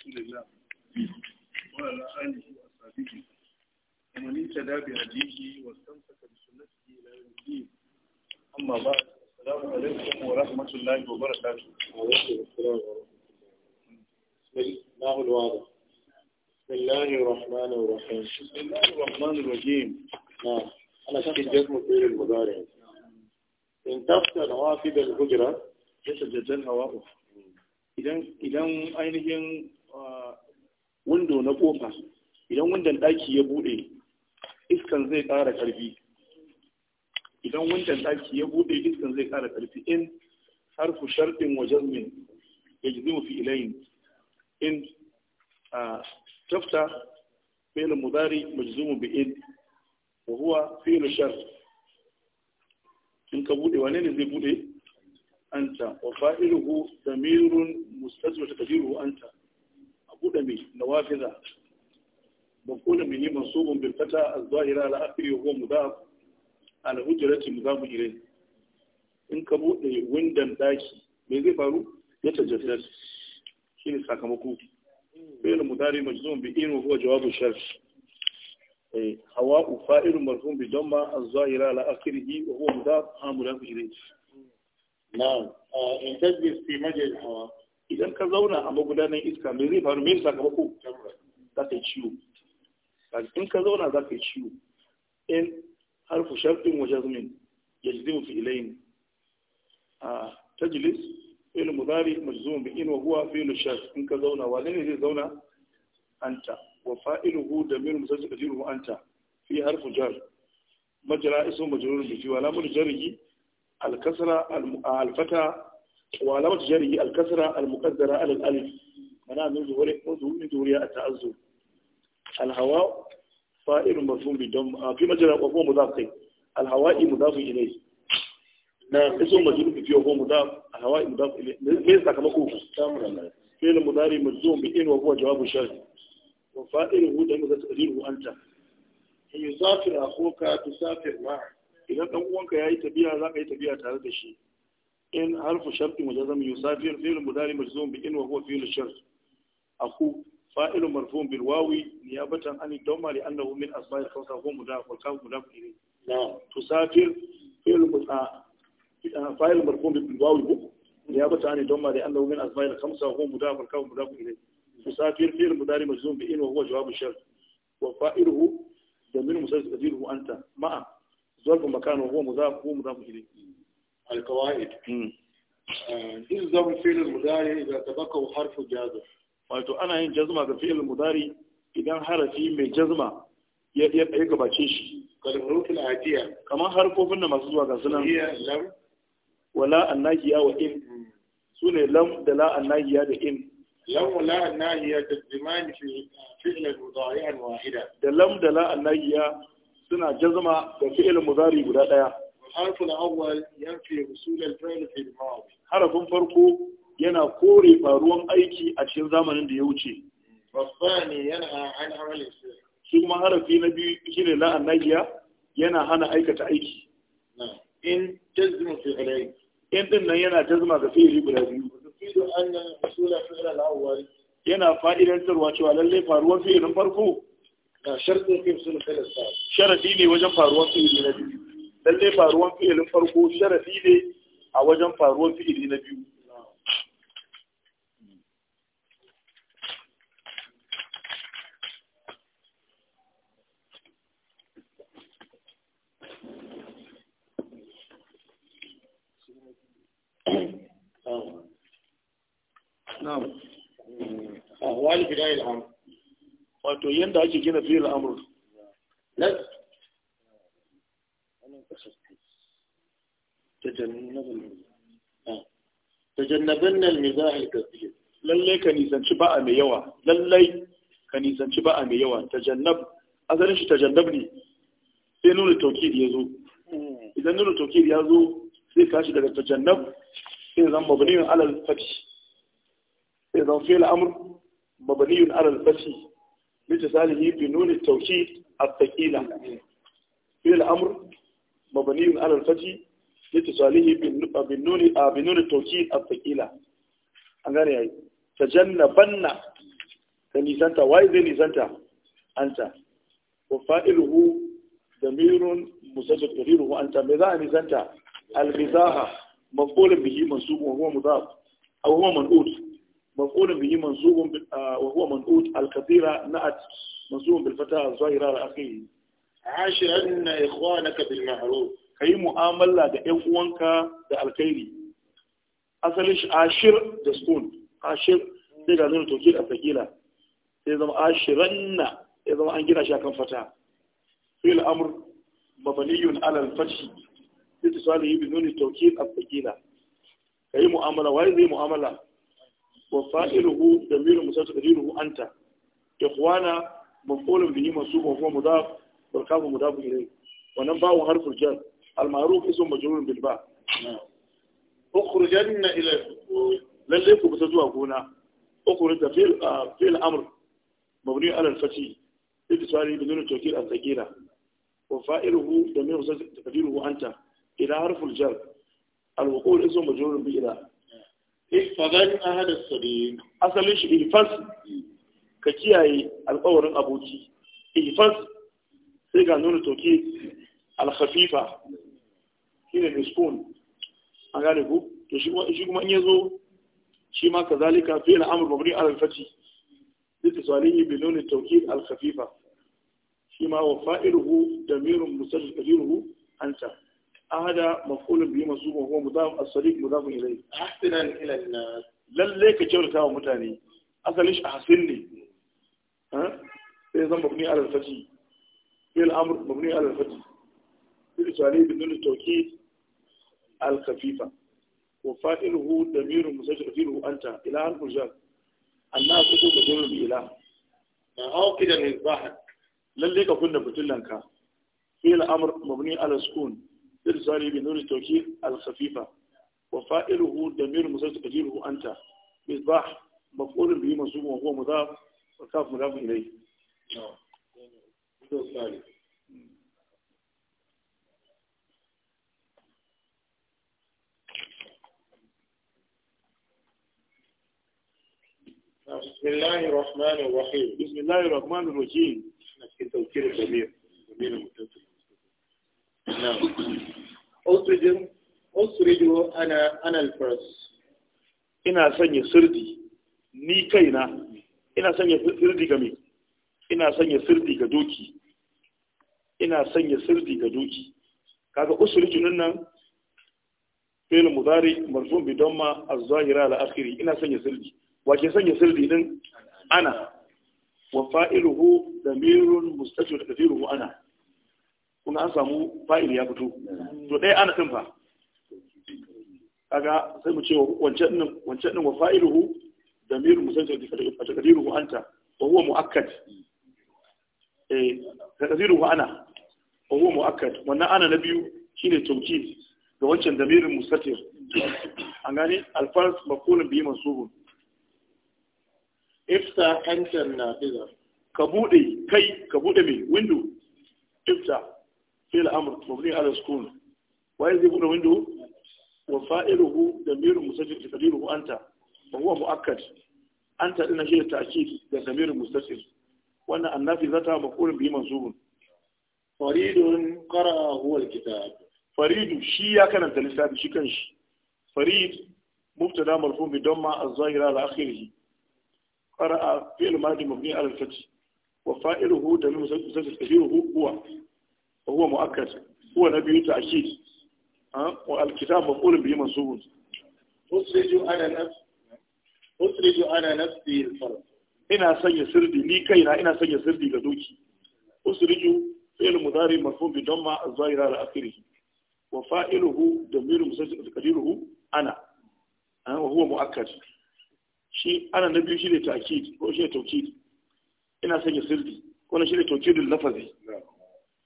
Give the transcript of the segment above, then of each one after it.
رسول الله وعلى آله وأصحابه ومن اهتدى بهديه واستمسك بسنته إلى يوم الدين أما بعد السلام عليكم ورحمة الله وبركاته وعليكم السلام ورحمة الله الواضح بسم الله الرحمن الرحيم بسم الله الرحمن الرحيم نعم أنا شخص جسم فيه المضارع إن تفتح نوافذ الهجرة جسد جسد هواء إذا إذا أين ainihin Wando na kofa idan windon daki ya bude iskan zai ƙara ƙarfi idan windon daki ya bude iskan zai ƙara ƙarfi in harfu sharɗin wa jazmin ya fi ilayn in tafta fi'l mudari majzumu bi in wa huwa fi'l shar in ka bude wane ne zai bude anta wa fa'iluhu damirun mustajib wa taqdiruhu anta maƙuda mai na wafiza maƙuda mai neman sobon bilfata a zahira da aka yi huwa muza a na mu irai in ka buɗe windan ɗaki me zai faru ya ta jafiyar sakamako fiye mu tare mai zuwan bai irin huwa jawabu shar eh, uh, hawa ufa irin marfin bai don ma a zahira da aka yi huwa muza a muza mu irai na intanet bai fi majalisawa idan ka zauna a magudanar iska mai zai faru mai sakamako za ka yi ciwo in ka zauna za ka yi ciwo in harfu sharfin wa jazmin ya jizi fi ilayin a tajilis ilu muzari majzum bi in wa huwa fi'il shart in ka zauna wa ne zai zauna anta wa hu da min musalli an anta fi harfu jar majra ismu majrur bi jiwa lamul jarhi al alfata وعلامة جره الكسرة المقدرة على الألف منع من ظهوره من ظهورها التعذر الهواء فائل مفهوم بدم في مجرى وهو مضاف الهواء مضاف إليه نعم اسم مجرور في وهو مضاف الهواء مضاف إليه ليس كما هو فعل مضارع مجزوم بإن وهو جواب الشرط وفائله دم تقديره أنت يسافر أخوك تسافر معه إذا أنك يا تبيع لا تبيع تare da shi in harfu sharti mujazzam yusafir fi'l mudari majzum bi in wa huwa fi'l shart aku fa'il marfu' bil wawi niyabatan an idamma li annahu min asma'il khamsa huwa mudaf wa kan mudaf ilayh na'am tusafir fi'l mudha fa'il marfu' bil wawi niyabatan an idamma li annahu min asma'il khamsa huwa mudaf wa kan mudaf ilayh tusafir fi'l mudari majzum bi in wa huwa jawab wa fa'iluhu jamil musafir fi'l anta ma'a zalbu makanu huwa mudaf huwa mudaf ilayh القواعد يلزم فعل المضارع إذا تبقى حرف جازم wato ana yin jazma ga fi'il mudari idan harafi mai jazma ya ya gabace shi kalin rufin ajiya kamar harfofin da masu zuwa ga sunan wala annahiya wa in sune lam da la annahiya da in lam wa la annahiya tajziman fi fi'l mudari'an wahida da lam da la annahiya suna jazma ga fi'il mudari guda daya الحرف الأول ينفي وصول الفعل في الماضي حرف فرقو ينا كوري فاروان أيكي أشين زمن دي يوشي والثاني ينا عن عمل السير ثم حرف نبي كين لا النجية ينا هنا أيكة أيكي إن تزم في عليك إن دنا ينا تزم في فيه بلادي تفيد أن وصول الفعل الأول ينا فائدة ترواتي على اللي فاروان في فيه فرقو شرط في وصول الفعل الثاني شرطي لي وجه فاروان فيه بلادي lalle faruwan fi'ilin farko sharafi ne a wajen faruwan fi'ili na biyu Na'am. Ahwal bidayil amr. Wato yanda ake gina fi'il amr. nan tajannabanna za a yi kathir Lallai ka nisanci ba a mai yawa Lallai ka nisanci ba a mai yawa tajannab azalin shi tajannab ne sai nuna taukid ya zo idan nuna taukid ya zo sai kashi daga tajannab sai zan mabniyun alal fathi sai zan fi'il amr mabniyun alal fathi litasalihi bi nuni taukid at-thaqila fi'il amr mabniyun alal fathi litisalihi bin nuni a bin nuni tauki a fakila an gane yayi ta nisanta wai zai nisanta anta wa fa'iluhu damirun musajjad qadiruhu anta me za a nisanta al-bizaha maf'ul bihi mansub wa huwa mudaf aw huwa man'ut bihi wa al ka yi mu'amala da ‘yan uwanka da alkhairi asalin shi ashir da spoon ashir sai ga zai toke da fakila sai zama ashiranna ya zama an gina shi akan fata fil amr mabaniyun alal fathi itisali bi nuni tawkid al Ka yi mu'amala wai zai mu'amala wa fa'iluhu damiru mustaqdiruhu anta ikhwana maf'ulun bihi mansubun huwa mudaf wal kafu mudaf ilayh wa nan ba'u harful jar المعروف اسم مجرور بالباء اخرجن الى لن لكم تزوا هنا اخرج في في الامر مبني على الفتح اتصالي بدون توكيد الثقيله وفائله ضمير تقديره انت الى حرف الجر الوقول اسم مجرور بالى احفظن احد الصديق اصل شيء احفظ كياي القول ابوكي احفظ sai ga nuna alkhafifa shi ne miskun an gane ku to shi kuma in ya zo shi ma ka zalika fi al'amur mabri ala alfati lita salihi bi nuni tawkid alkhafifa shi ma wa da fa'iluhu damirun musajjid qadiruhu a hada maf'ulun biyu masu huwa mu za sadiq mudaf mu za mu an-nas lalle ka kyautata wa mutane asalin shi ahsin ne sai zan mabni ala alfati fi al'amur mabni ala alfati بالسؤالي بالنون التوكيد الخفيفة وفائله ضمير مسجل فيه أنت إله الرجال الناس يقول بدون الإله ما أوقد مصباحك للي كنا بتلنك في الأمر مبني على السكون بالسؤالي بالنون التوكيد الخفيفة وفائله ضمير مسجل فيه أنت مصباح مفعول به منصوب وهو مضاف وكاف مضاف إليه نعم بسم الله الرحمن الرحيم بسم الله الرحمن الرحيم في الضمير المتصل نعم أخرج أنا أنا الفرس ina sanya sirdi ga me ina sanya sirdi ga doki ina kaga usrijun nan fi'l mudari marfu bi damma az-zahira al-akhiri ina sanya sirdi wa ke sanya sirri din ana wa fa'iluhu damirun mustajir da ana kuma an samu fa'il ya fito to ɗaya ana tunfa kaga sai mu ce wance ɗin wance din wa fa'iluhu damirun mustajir da anta wa huwa mu'akkad eh da ana wa huwa mu'akkad wannan ana na biyu shine tawkid da wancan damirin mustatir an gane alfars maqulun bi mansubun ifta hantar na biza ka buɗe kai ka buɗe mai window ifta fil amr mabni ala sukun waye zai buɗe window wa fa'iluhu damirun musajjid taqdiruhu anta fa huwa muakkad anta dinna shi ta'kid da damirun mustatir wannan annafi zata maqulun bi mansubun faridun qara'a huwa alkitab faridu shi ya kananta lissafi shi kanshi farid mubtada marfu bi damma az-zahira ala akhirih فرأى فعل ماضي مبني على الفتح وفائله دمير مستتر تغييره هو وهو مؤكد هو نبي تأكيد والكتاب مفعول به منصوب أخرج أنا نفسي أخرج أنا نفسي الفرد ina sanya sirdi ni kaina ina sanya sirdi ga doki usriju fi'l mudari marfu' bi damma zahira ala akhirih wa fa'iluhu damir musaddaq taqdiruhu ana wa huwa mu'akkad shi ana na biyu shi ne ta'kid ko shi ne taukid ina sanya sirri na shi ne taukidul lafazi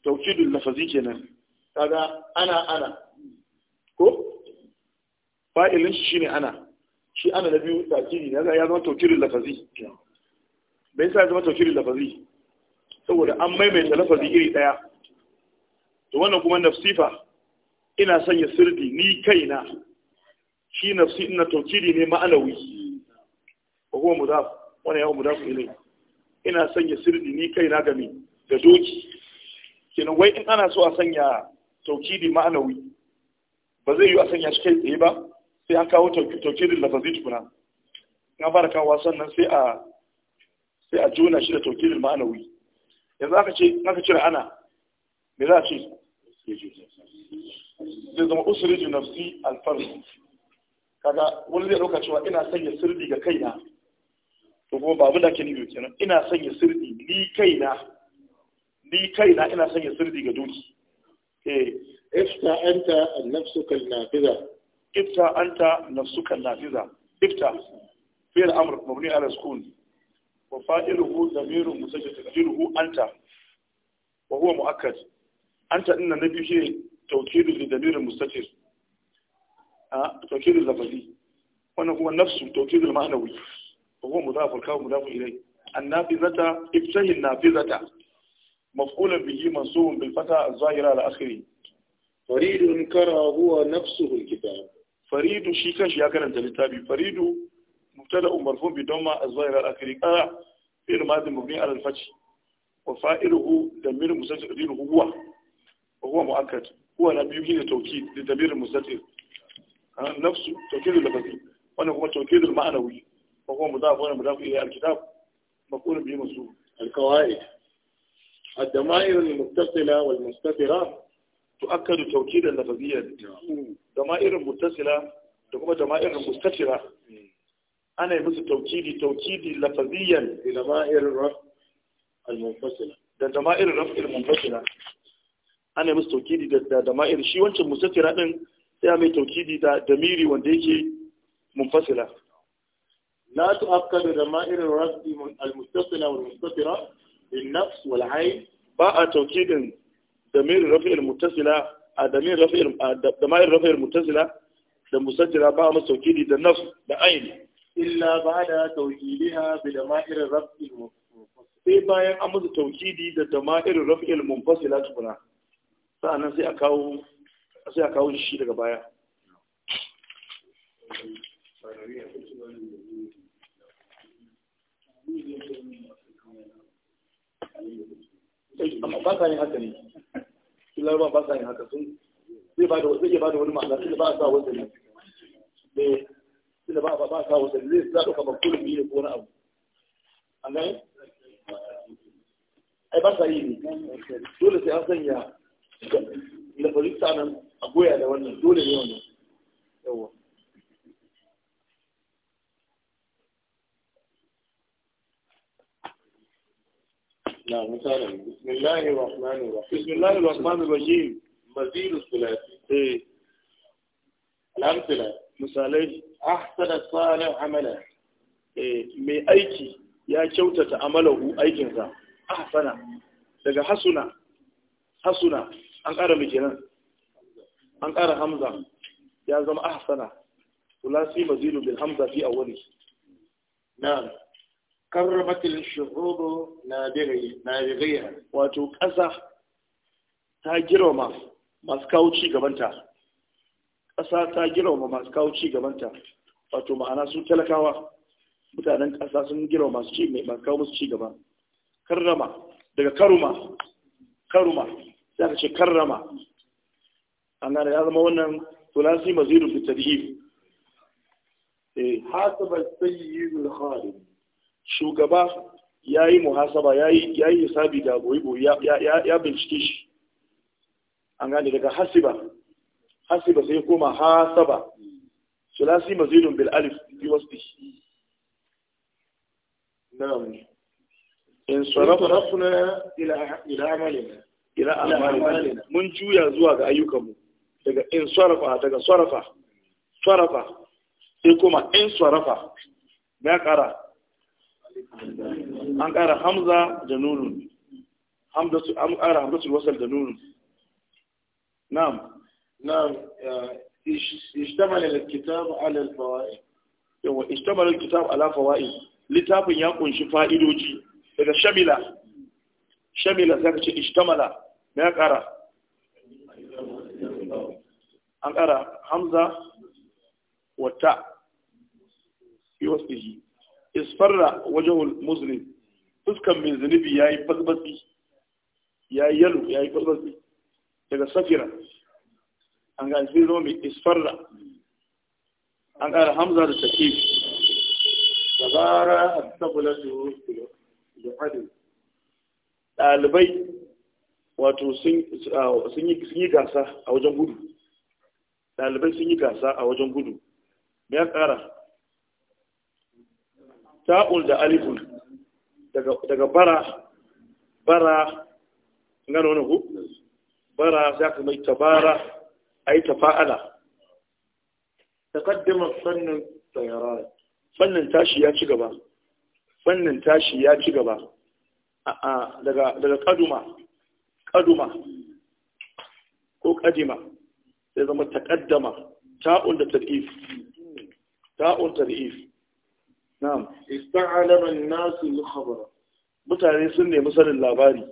taukidul lafazi kenan kaga ana ana ko fa'ilin shi shine ana shi ana na biyu ta'kidi ne ya zama taukidul lafazi bai sa ya zama taukidul lafazi saboda an maimaita lafazi iri daya to wannan kuma nafsifa ina sanya sirri ni kaina shi nafsi ina taukidi ne ma'anawi ko kuma mudaf wani yawon mudaf ilai ina sanya sirri ni kai na gami da doki kenan wai in ana so a sanya taukidi ma'anawi ba zai yi a sanya shi kai tsaye ba sai an kawo taukidin lafazi tukuna na fara kawo wasan sai a sai a jona shi da taukidin ma'anawi yanzu aka ce aka cire ana me za a ce zai zama usuri nafsi alfarsu kaga wani zai ɗauka cewa ina sanya sirri ga kaina to kuma babu da ke nufi kenan ina sanya sirri ni kaina ni kaina ina sanya sirri ga doki eh ifta anta nafsuka nafiza ifta anta nafsuka nafiza ifta fi'l amr mabni ala sukun wa fa'iluhu dhamirun musajjad taqdiruhu anta wa huwa muakkad anta inna nabi shi tawkidu li dhamirin mustatir a ah, tawkidu lafzi wannan kuma nafsu tawkidu ma'nawi وهو مضاف الكاف مضاف إليه النافذة افتهي النافذة مفعولا به منصوب بالفتح الظاهرة على آخره فريد كرى هو نفسه الكتاب فريد شي كان شي كان الكتاب فريد مبتدا مرفوع بضمه الظاهرة على آخره قرأ فعل ماضي مبني على الفتح وفاعله ضمير مستتر هو وهو مؤكد هو لم يمكن توكيد لضمير المستتر نفسه توكيد اللفظي وانا هو توكيد المعنوي ko kuma mudaf wani mudaf ila alkitab maqul bi masu alqawaid المتصلة والمستترة تؤكد توكيد اللفظية ضمائر متصلة تقوم ضمائر مستترة أنا يمس توكيدي توكيدي لفظيا لضمائر الرفع المنفصلة da dama'ir raf'il munfasila ana musu taukidi da dama'ir shi wancan musatira din sai mai taukidi damiri wanda yake munfasila لا تؤكد ضمائر الرد المتصلة والمستترة بالنفس والعين باء توكيد ضمير الرفع المتصلة ضمير رفع ضمائر الرفع المتصلة المستترة باء مستوكيد النفس بعين إلا بعد توكيدها بضمائر الرفع sai bayan an musu taukidi da dama'irin rafi'il munfasila tukuna sa'annan sai a kawo sai a kawo shi daga baya ba sa yin haka ne laraba ba sa yin haka sun zai ba da wani ma'ana tunda ba a sa wata ne eh, tunda ba a sa wata ne zai za a ɗauka kulu biyu ko wani abu an gani ai ba sa yi ne dole sai an sanya da farista nan a goya da wannan dole ne wannan yawon. نعم مثلا بسم الله الرحمن الرحيم بسم الله الرحمن الرحيم مزيد misalai ahsana salih amala eh mai aiki ya kyautata amalahu aikinsa ahsana daga hasuna an ƙara mai an ƙara hamza ya zama ahsana lasi mazidu bil hamza fi awwali na'am karramatil shuhubu nabighiya wato ƙasa ta girma masu kawo ci ƙasa ta girma masu kawo cigabanta. wato ma'ana sun talakawa mutanen ƙasa sun girma masu ci masu kawo musu ci karrama daga karuma karuma za ka ce karrama an gane ya zama wannan tulasi mazirin fitarihi eh. hasaba sayyidul khadim shugaba ya yi muhasaba ya yi hisabi da goyi-goyi ya bincike shi an gane daga hasiba hasiba sai koma hasaba sulasi mazidun bil alif bi wasu in sarrafa ila ila amalina ila amalina mun juya zuwa ga ayyukanmu daga in sarrafa daga sarrafa sarrafa sai koma in sarrafa ya kara an ƙara hamza da nunu an ƙara hamzatul wasal da nunu na'am na'am ishtamal al-kitab ala al-fawaid yawa ishtamal al-kitab ala fawaid littafin ya kunshi fa'idoji daga shamila shamila zaka ce ishtamala me ya ƙara an ƙara hamza wata yi yusbihi isfarra wajen muslim fuskan mai zunubi ya yi fasbasi ya yi yalo ya yi fasbasi daga safira an ga sai zama mai isfarra an ƙara hamza da tafi da bara a tabbalar da hadin ɗalibai wato sun yi gasa a wajen gudu ɗalibai sun yi gasa a wajen gudu me ya ƙara ta'ul da alifun daga bara bara gano wani ku bara za ka mai tabara a yi tafa'ala takaddama fannin tsayarar fannin tashi ya ci gaba fannin tashi ya ci gaba daga kaduma kaduma ko kadima sai zama takaddama ta'ul da tar'if ta'ul tar'if na'am ista'alama an-nasu al-khabara mutane sun nemi sanin labari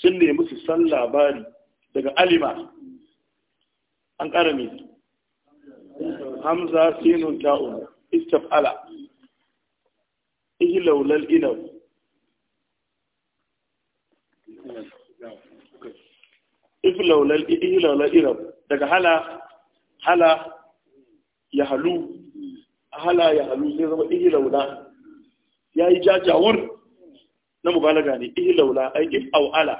sun nemi su san labari daga alima an ƙara hamza sinun ta'un istaf'ala ihlaulal inaw Ihi laulal inaw daga hala hala ya halu hala ya halu sai zama ihi laula ya yi jajawar na mubalaga ne ihi laula ai if au ala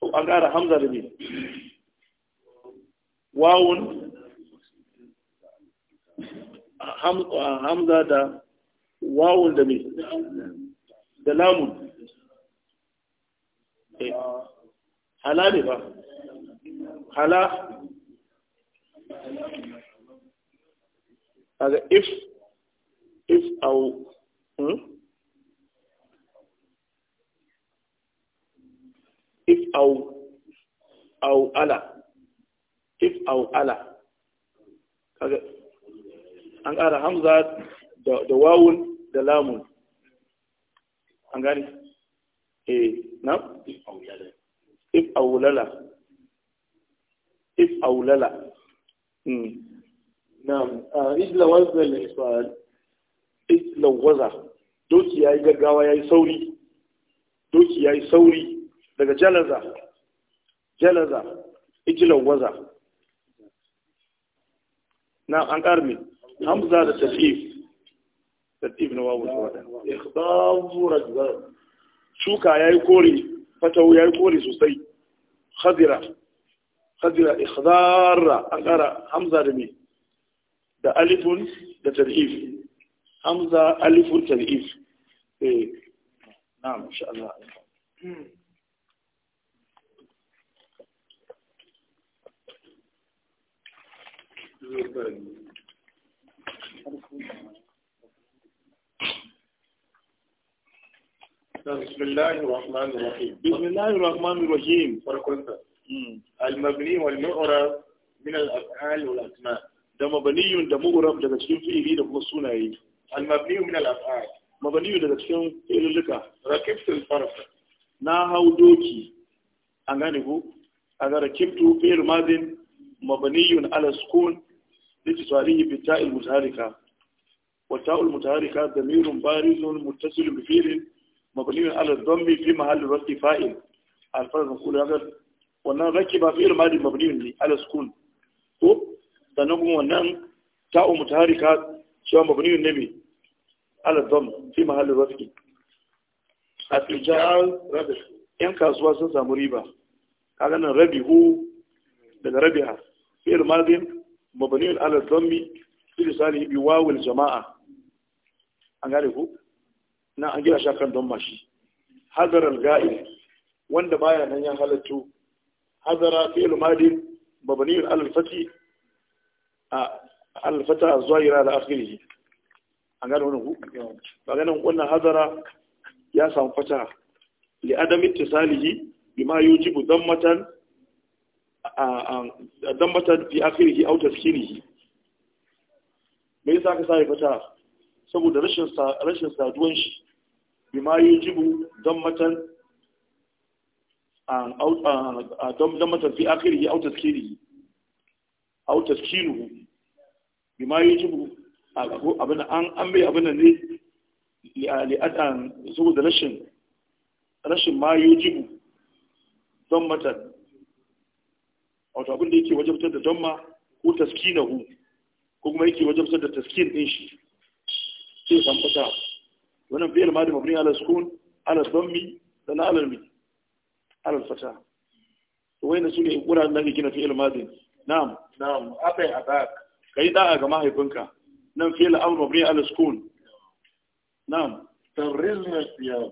to an gara hamza da me wawun uh, hamza da wawun da me da lamun eh, hala ne ba hala kaga if if aw hmm? if aw aw ala if aw ala kaga an ƙara hamza da wawun da lamun an gani eh na if lala, if aulala mm نعم آه، إذا وزن الإسبال إذا وزن دوتي أي جعوى أي سوري دوتي أي سوري لك جلزة جلزة إذا وزن نعم أنكرمي همزة التفيف التفيف نواب الفوضى إخضاب رجل شوكا يا يكوري فتو يا يكوري سوسي خضرة خضرة إخضار أنكرا همزة رمي da alifun da tar'if hamza alifun tar'if eh إن شاء الله بسم الله الرحمن الرحيم بسم الله الرحمن الرحيم فرق المبني والمعرض من الأفعال والأسماء da mabaniyun da mu'rab daga cikin fi'ili da kuma sunaye al-mabniyu min al-af'al mabaniyu daga cikin iluluka rakibtul farf na hau doki an gane ko a ga rakibtu fi'il madin mabaniyun ala sukun litisarihi bi ta'il mutaharika wa ta'ul mutaharika damirun barizun muttasil bi fi'il mabniyun ala dhammi fi mahalli raf'i fa'il al farz nqulu hada wannan rakiba fi'il madin mabniyun ala sukun ko? sannan kuma wannan ta'u mutaharika cewa mabniyun ne mai aladdam fi mahallin rafi a tijjar rabi yan kasuwa sun samu riba kaga nan rabi hu daga fi fi'il madin mabniyun mi, fi lisani bi wawil jama'a an gane ku na an gina shakan don mashi hazara al-ga'il wanda baya nan ya halattu hazara fi'il madin mabniyun alal fati alfata zuwa da akhiri a gane wani ba ganin wannan hazara ya samu fata li adam ittisalihi bima yujibu dammatan dammatan fi auta aw taskinihi me yasa ka yi fata saboda rashin saduwan shi bima yujibu dammatan an aw dammatan fi akhirihi aw taskinihi aw taskinuhu bi ma yi jibu abin an bai abin ali ne zuwa da rashin rashin ma yi jibu don matan wato abin da yake wajabtar da don ma ko hu, ko kuma yake wajabtar da taskin din shi sai san fata wannan fi'il ma da mabni ala sukun ala dhammi da na ala mi ala fata to su sune wuraren da ke gina fi'il madin na'am na'am abai abak ka yi da'a ga mahaifinka nan fiye la'amur mabni ala sukun na'am tarriz na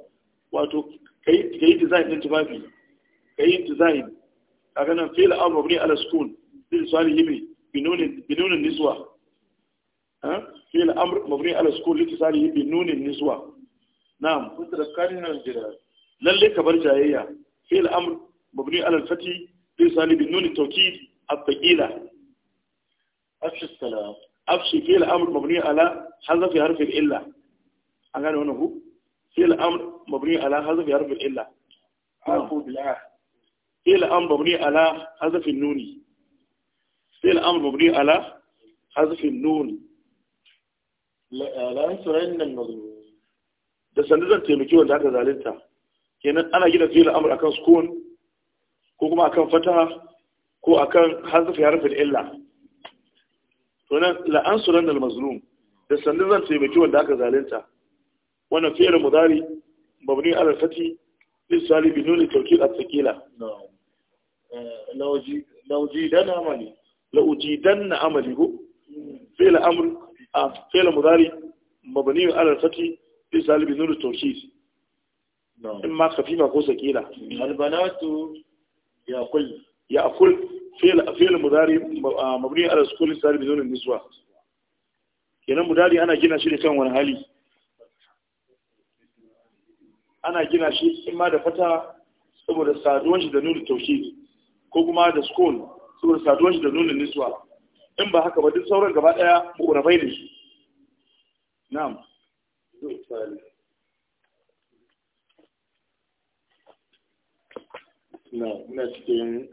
wato ka yi design ɗin tufafi kai design kaga nan fiye la'amur mabni ala sukun zai sali yi binunin niswa fiye la'amur mabni ala sukun zai binunin niswa na'am jira lalle ka bar jayayya fiye mabni ala fati zai sali binunin tauki a أفش السلام أفش في الأمر مبني على في حرف الإلا أنا هنا هو في الأمر مبني على في حرف الإلا عفو بالله في الأمر مبني على في النون في الأمر مبني على في النون لا لا المظلوم da ده zan taimaki wanda كذا zalunta كنا أنا جينا في الأمر amur سكون كوكما ko kuma كو fataha هذا في حرف الإلا to nan la'ansuran al-mazlum da sannan zan taimaki wanda aka zalunta wannan fi'il mudari mabni ala fati lisali bi nuni tawkid at-thaqila eh, law jidana amali law jidanna amali ko fi'il amr fi'il mudari mabni ala al-fati nuna bi nuni ma imma khafifa ko thaqila albanatu ya kulli ya akul fi'il fi'il mudari mabni ala sukun sari bi zunin niswa kenan mudari ana gina shi da kan wani hali ana gina shi in ma da fata saboda saduwan shi da nuna tauki ko kuma da sukun saboda saduwan shi da nuna niswa in ba haka ba duk sauran gaba daya mu'rabai ne shi na'am na muna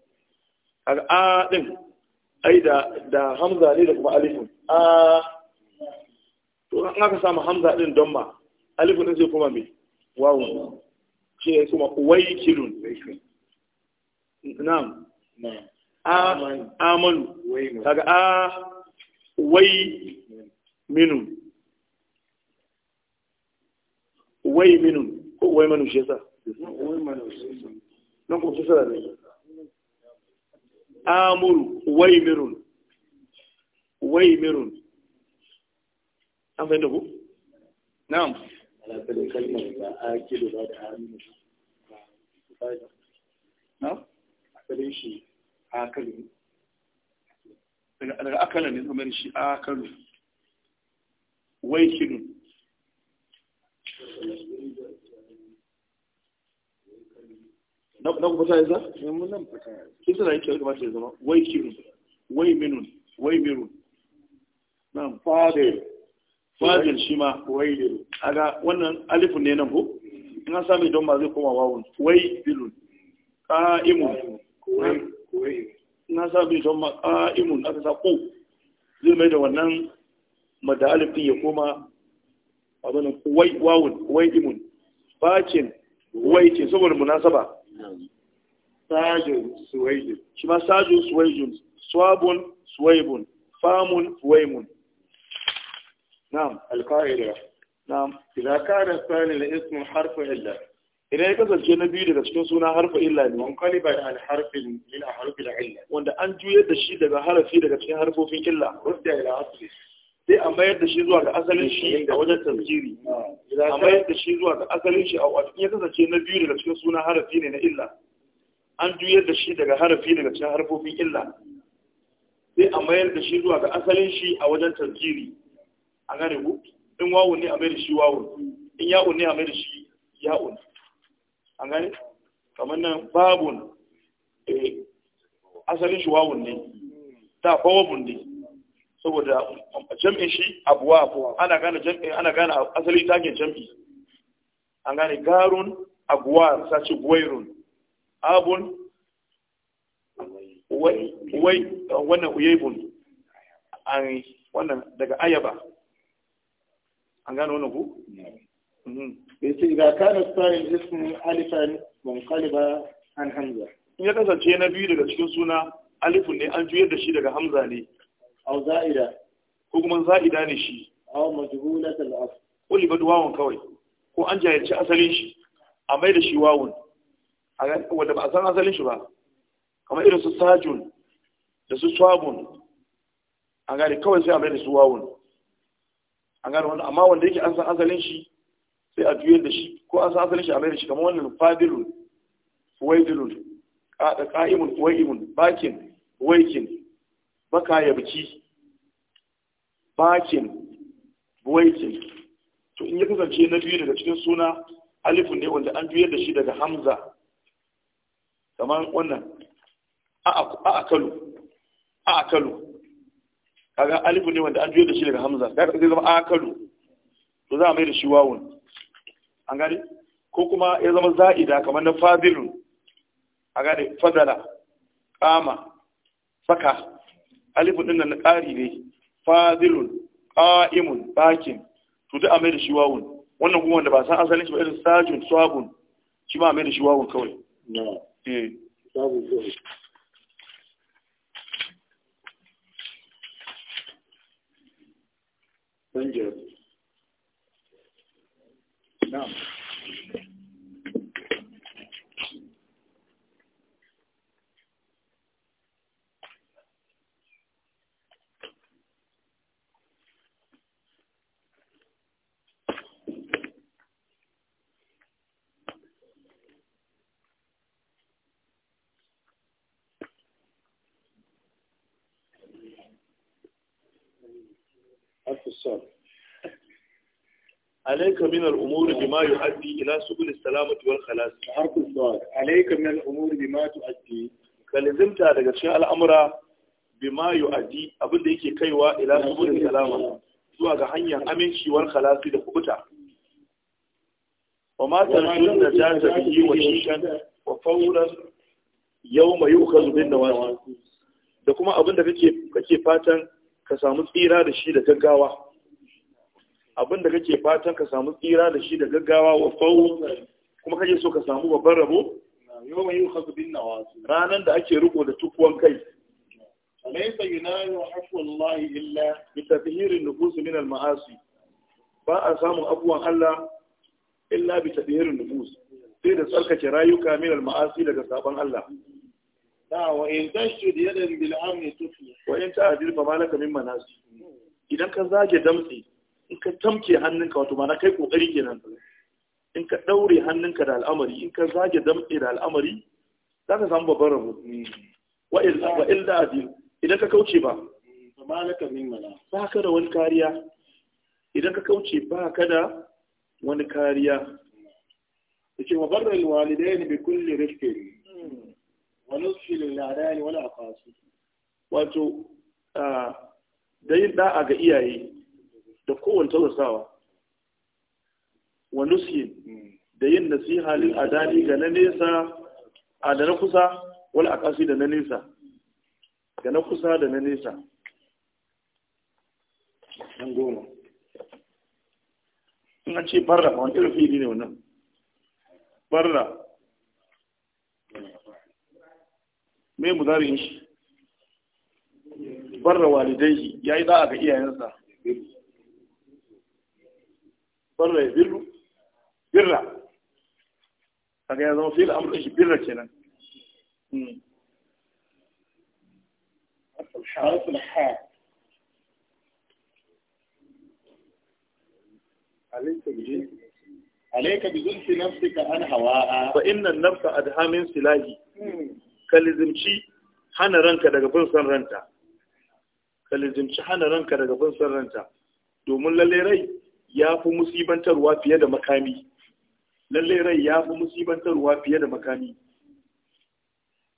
kaga a din ai da da hamza ne da kuma alifun a to an aka samu hamza din don ma alifun din zai kuma mai wawu shi ne kuma waykilun na'am a amanu kaga a wai minun wai minun ko wai manu shi yasa nan kuma da ne amuru waimirun waimirun an fahimta ku? na'am alaƙar kalmar da ake da ba da ba na? shi akalu daga akala shi na kuma ta yanzu? Eh, yanzu nan fata yanzu suna yake wata mace zama wai kiru wai minun wai mirun nan fadil fadil shi ma wai dilu aga wannan alifin ne nan ko in an sami don ma zai koma wawun wai dilun ƙa'imun in an sami don ma ƙa'imun aka sa ko zai mai da wannan mada alifin ya koma abinan wai wawun wai imun bakin wai ke saboda munasaba sajin suwaijin shi ma sajin suwaijin swabun suwaibun famun fuwaimun na'am alka'ida na'am idan ka da sani da ismin harfa illa idan ya kasance na biyu daga cikin suna harfa illa ne wani kaliba da harfin min harfin da illa wanda an juyar da shi daga harafi daga cikin harfofin illa wasu da ila asali sai a mayar da shi zuwa ga asalin shi a wajen tafsiri a mayar da shi zuwa ga asalin shi a wajen ya kasance na biyu daga cikin suna harafi ne na illa an juyar da shi daga harafi daga cikin harfofin illa sai a mayar da shi zuwa ga asalin shi a wajen tafsiri a gane ku in wawun ne a mayar da shi wawun in ya'un ne a mayar da shi ya'un a gane kamar nan babun eh, asalin shi wawun ne ta fawabun ne saboda jam'in shi abuwa ana gane jam'in ana gane asali takin jam'i an gane garun abuwa sace guwairun abun wai wannan uyaibun an wannan daga ayaba an gane wannan ku mm-hmm. yace ga kana sa'in ismi alifan munqaliba an hamza in ya kasance na biyu daga cikin suna alifun ne an juyar da shi daga hamza ne aw za'ida ko kuma za'ida ne shi aw majhulat al asl kulli badwawun kawai ko an jayyaci asalin shi a mai da shi wawun Wadda ba a san asalin shi ba kamar irin su sajun da su swabun a gane kawai sai a mai da su wawun a gane wanda amma wanda yake an san asalin shi sai a juyar da shi ko an san asalin shi a mai da shi kamar wannan fadilun waidilun ka'imun wai'imun bakin waikin baka yabki bakin buwaikin to in ya kasance na biyu daga cikin suna alifun ne wanda an juyar da shi daga hamza kamar wannan a'akalu a'akalu kaga alifun ne wanda an juyar da shi daga hamza kaga zai zama a'akalu to za a mai da shi wawun an gani ko kuma ya zama za'ida kamar na fadilun a gane fadala kama saka alifun din na ƙari ne fadilun qa'imun bakin to duk amai da shi wawun wannan kuma wanda ba san asalin shi ba irin sajun swabun shi ma amai da shi wawun kawai na eh الخصال عليك من الأمور بما يؤدي إلى سبل السلامة والخلاص حرف السؤال عليك من الأمور بما تؤدي كلزمت على شيء الأمر بما يؤدي أبدا zuwa ga hanyar amincewar khalasi da kubuta wa ma tarjun da ta tafi wa shikan wa fawran yawma yukhaz bin nawasi da kuma abinda da kake kake fatan ka samu tsira da shi da gaggawa abinda kake fatan ka samu tsira da shi da gaggawa wa fawo kuma kake so ka samu babban rabo yawma bin ranan da ake riko da tukuwan kai alaysa yunalu afwa illa bi tadhhir nufus min al-ma'asi ba a samun abuwan Allah illa bi tadhhir nufus sai da tsarkake rayuka min al-ma'asi daga sabon Allah wa in tashud yadan bil amri tuflih wa in ta'dil fa malaka min manasi idan ka zage damtsi in ka tamke hannunka wato ma na kai kokari kenan in ka daure hannunka da al'amari in ka zage damɗe da al'amari za ka samu babban rabu wa illa adil idan ka kauce ba ba ka da wani kariya idan ka kauce ba ka da wani kariya da ke mabarar walidai ne bai kulle rifke wani filin ladani wani akasu wato da yin da'a ga iyaye da kowane tausawa. wa nusiyin da yin nasiha lil adani ga na nesa a da na kusa wal aqasi da na nesa ga na kusa da na nesa an goma in an ce barra wani irin fili ne wannan barra me muzarin shi barra walidai yayi da ga iyayensa barra ya birru birra kaga ya zama fi'il amr shi birra kenan الحاء عليك بجنس عليك بجنس نفسك عن هواء فإن النفس أدهى من hana ranka daga bin ranta ka lizimci hana ranka daga bin san ranta domin lalle rai ya fi musibantarwa fiye da makami lalle rai ya fi musibantarwa fiye da makami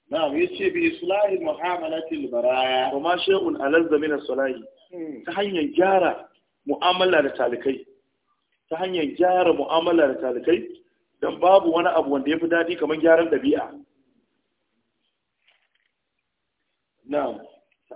na'am yace bi islahi mu'amalati al-baraya kuma shay'un alazza min as sulahi hmm. ta hanyar gyara mu'amala da talikai ta hanyar gyara mu'amala da talikai dan babu wani abu wanda yafi dadi kamar gyaran dabi'a na'am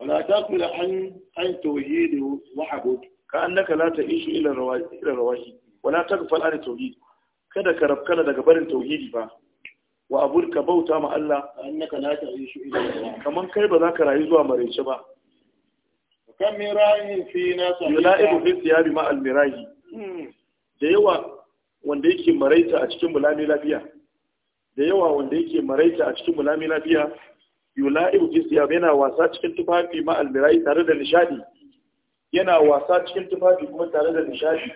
ولا تأكل عن عن توحيد وعبد كأنك لا تعيش إلى الرواج إلى ولا تغفل عن التوحيد kada ka rabkana daga barin tauhidi ba wa abud bauta ma Allah annaka la ta'ishu illa kaman kai ba za ka rayu zuwa maraice ba kan mirahin fi na yula'ibu fi siyabi ma almirahi da yawa wanda yake maraita a cikin bulami lafiya da yawa wanda yake maraita a cikin bulami lafiya yula'ibu isiyab yana wasa cikin tufafi ma albirai tare da nishadi yana wasa cikin tufafi kuma tare da nishadi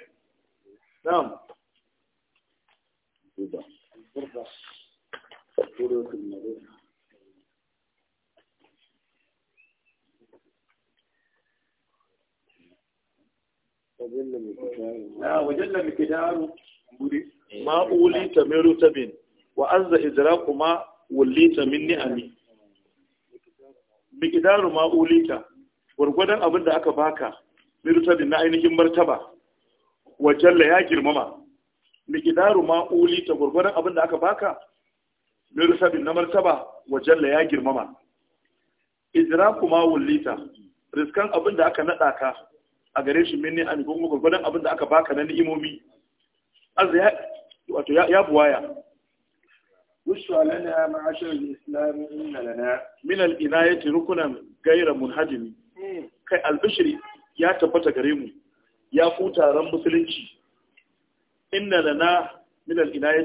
na'am وجل مقدار ما miƙidaru ma'ulika gwargwadon abin da aka baka mirtabin na ainihin martaba wajen la ya girmama miƙidaru ma'ulika gwargwadon abin da aka baka mirtabin na martaba wajen la ya girmama idraku ma ulita riskan abin da aka naɗa ka a gare shi minni a gungun gwargwadon abin da aka baka na ni'imomi azza ya buwaya بشرى لنا معاشر الإسلام إن لنا من الإناية ركنا غير ya tabbata gare mu ya ku taron musulunci inna lana lana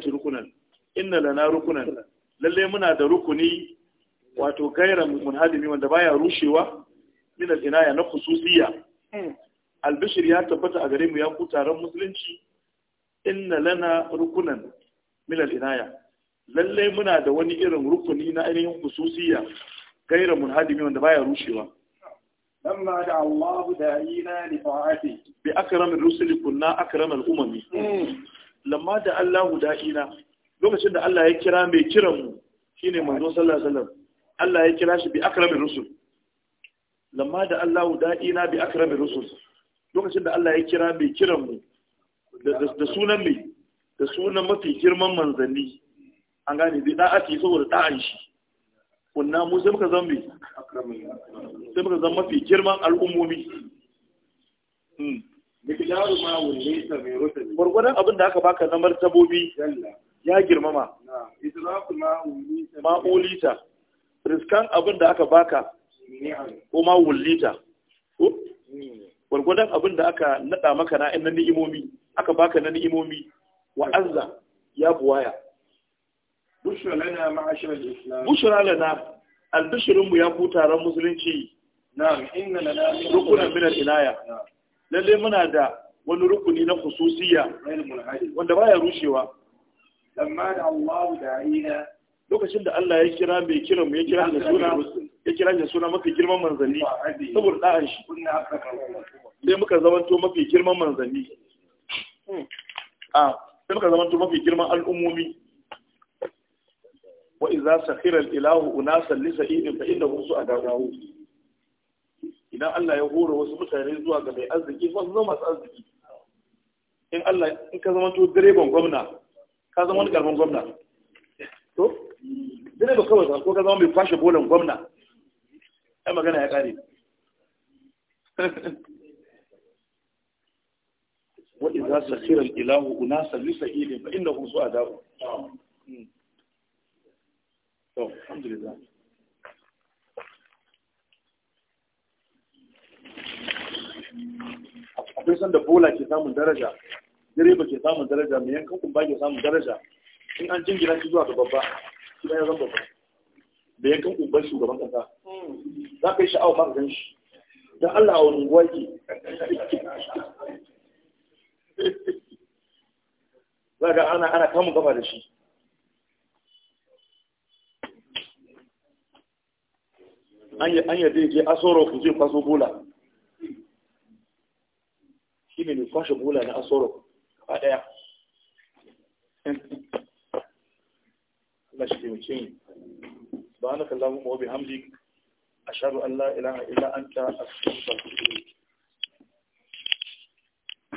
rukunan lalle muna da rukuni wato gaira munhadimi wanda baya rushewa min al-inaya ya tabbata a gare mu ya ku taron musulunci inna lana rukunan min al-inaya lalle muna da wani irin rukuni na ainihin hususiya gaira munhadimi wanda baya rushewa lamma da Allah da ina li fa'ati bi akram ar-rusuli kunna akram al-umami hmm. lamma da Allah da ina lokacin da Allah ya kira mai kiran mu shine manzo sallallahu alaihi wasallam Allah ya kira shi bi akram ar-rusul lamma da Allah da ina bi akram ar-rusul lokacin da Allah ya kira mai kiran mu da sunan mai da sunan mafi girman manzanni an gane bai da'ati saboda ta'an shi kunna mu sai muka zan mai sai muka zan mafi girman al'ummomi hmm. gwargwadon abin da aka baka na martabobi ya girmama ma'ulita riskan abin da aka baka ko ma'ulita hmm. gwargwadon abin da aka nada maka na ni'imomi aka baka na ni'imomi wa'azza ya buwaya bushra lana ma'ashar albishirin mu ya ku taron musulunci na'am inna lana rukunan min al-inaya lalle muna da wani rukuni na khususiyya wanda baya rushewa lamma da Allah da'ina lokacin da Allah ya kira mai kira mu ya kira da suna ya kira da suna mafi girman manzanni saboda da'an shi sai muka zamanto mafi girman manzanni hmm. a ah, sai muka zamanto mafi girman al'ummomi wa idza sakhira al-ilahu unasan li sa'idin fa innahu su'adahu idan Allah ya hore wasu mutane zuwa ga mai arziki fa su zama masu arziki in Allah in ka zama to direban gwamna ka zama wani karfin gwamna to direba kawai ko ka zama mai fashe bolan gwamna ai magana ya kare وإذا سخر الإله أناسا لسعيد فإنه سؤداء to alhamdulillah akwai sanda bola ke samun daraja direba ke samun daraja mai yankan kumba ke samun daraja in an jingina shi zuwa ga babba shi ya zan babba da yankan kumban shugaban kasa za ka yi sha'awa ba ka shi don Allah a wani guwa ke za ga ana ana kamun gaba da shi an yadda je asoro ku zai kwaso bola shi ne kwashe bola na asoro a daya Allah shi taimake ba na kallon mawabi hamdi a shaɗu Allah ila'a ila'anta an ta a cikin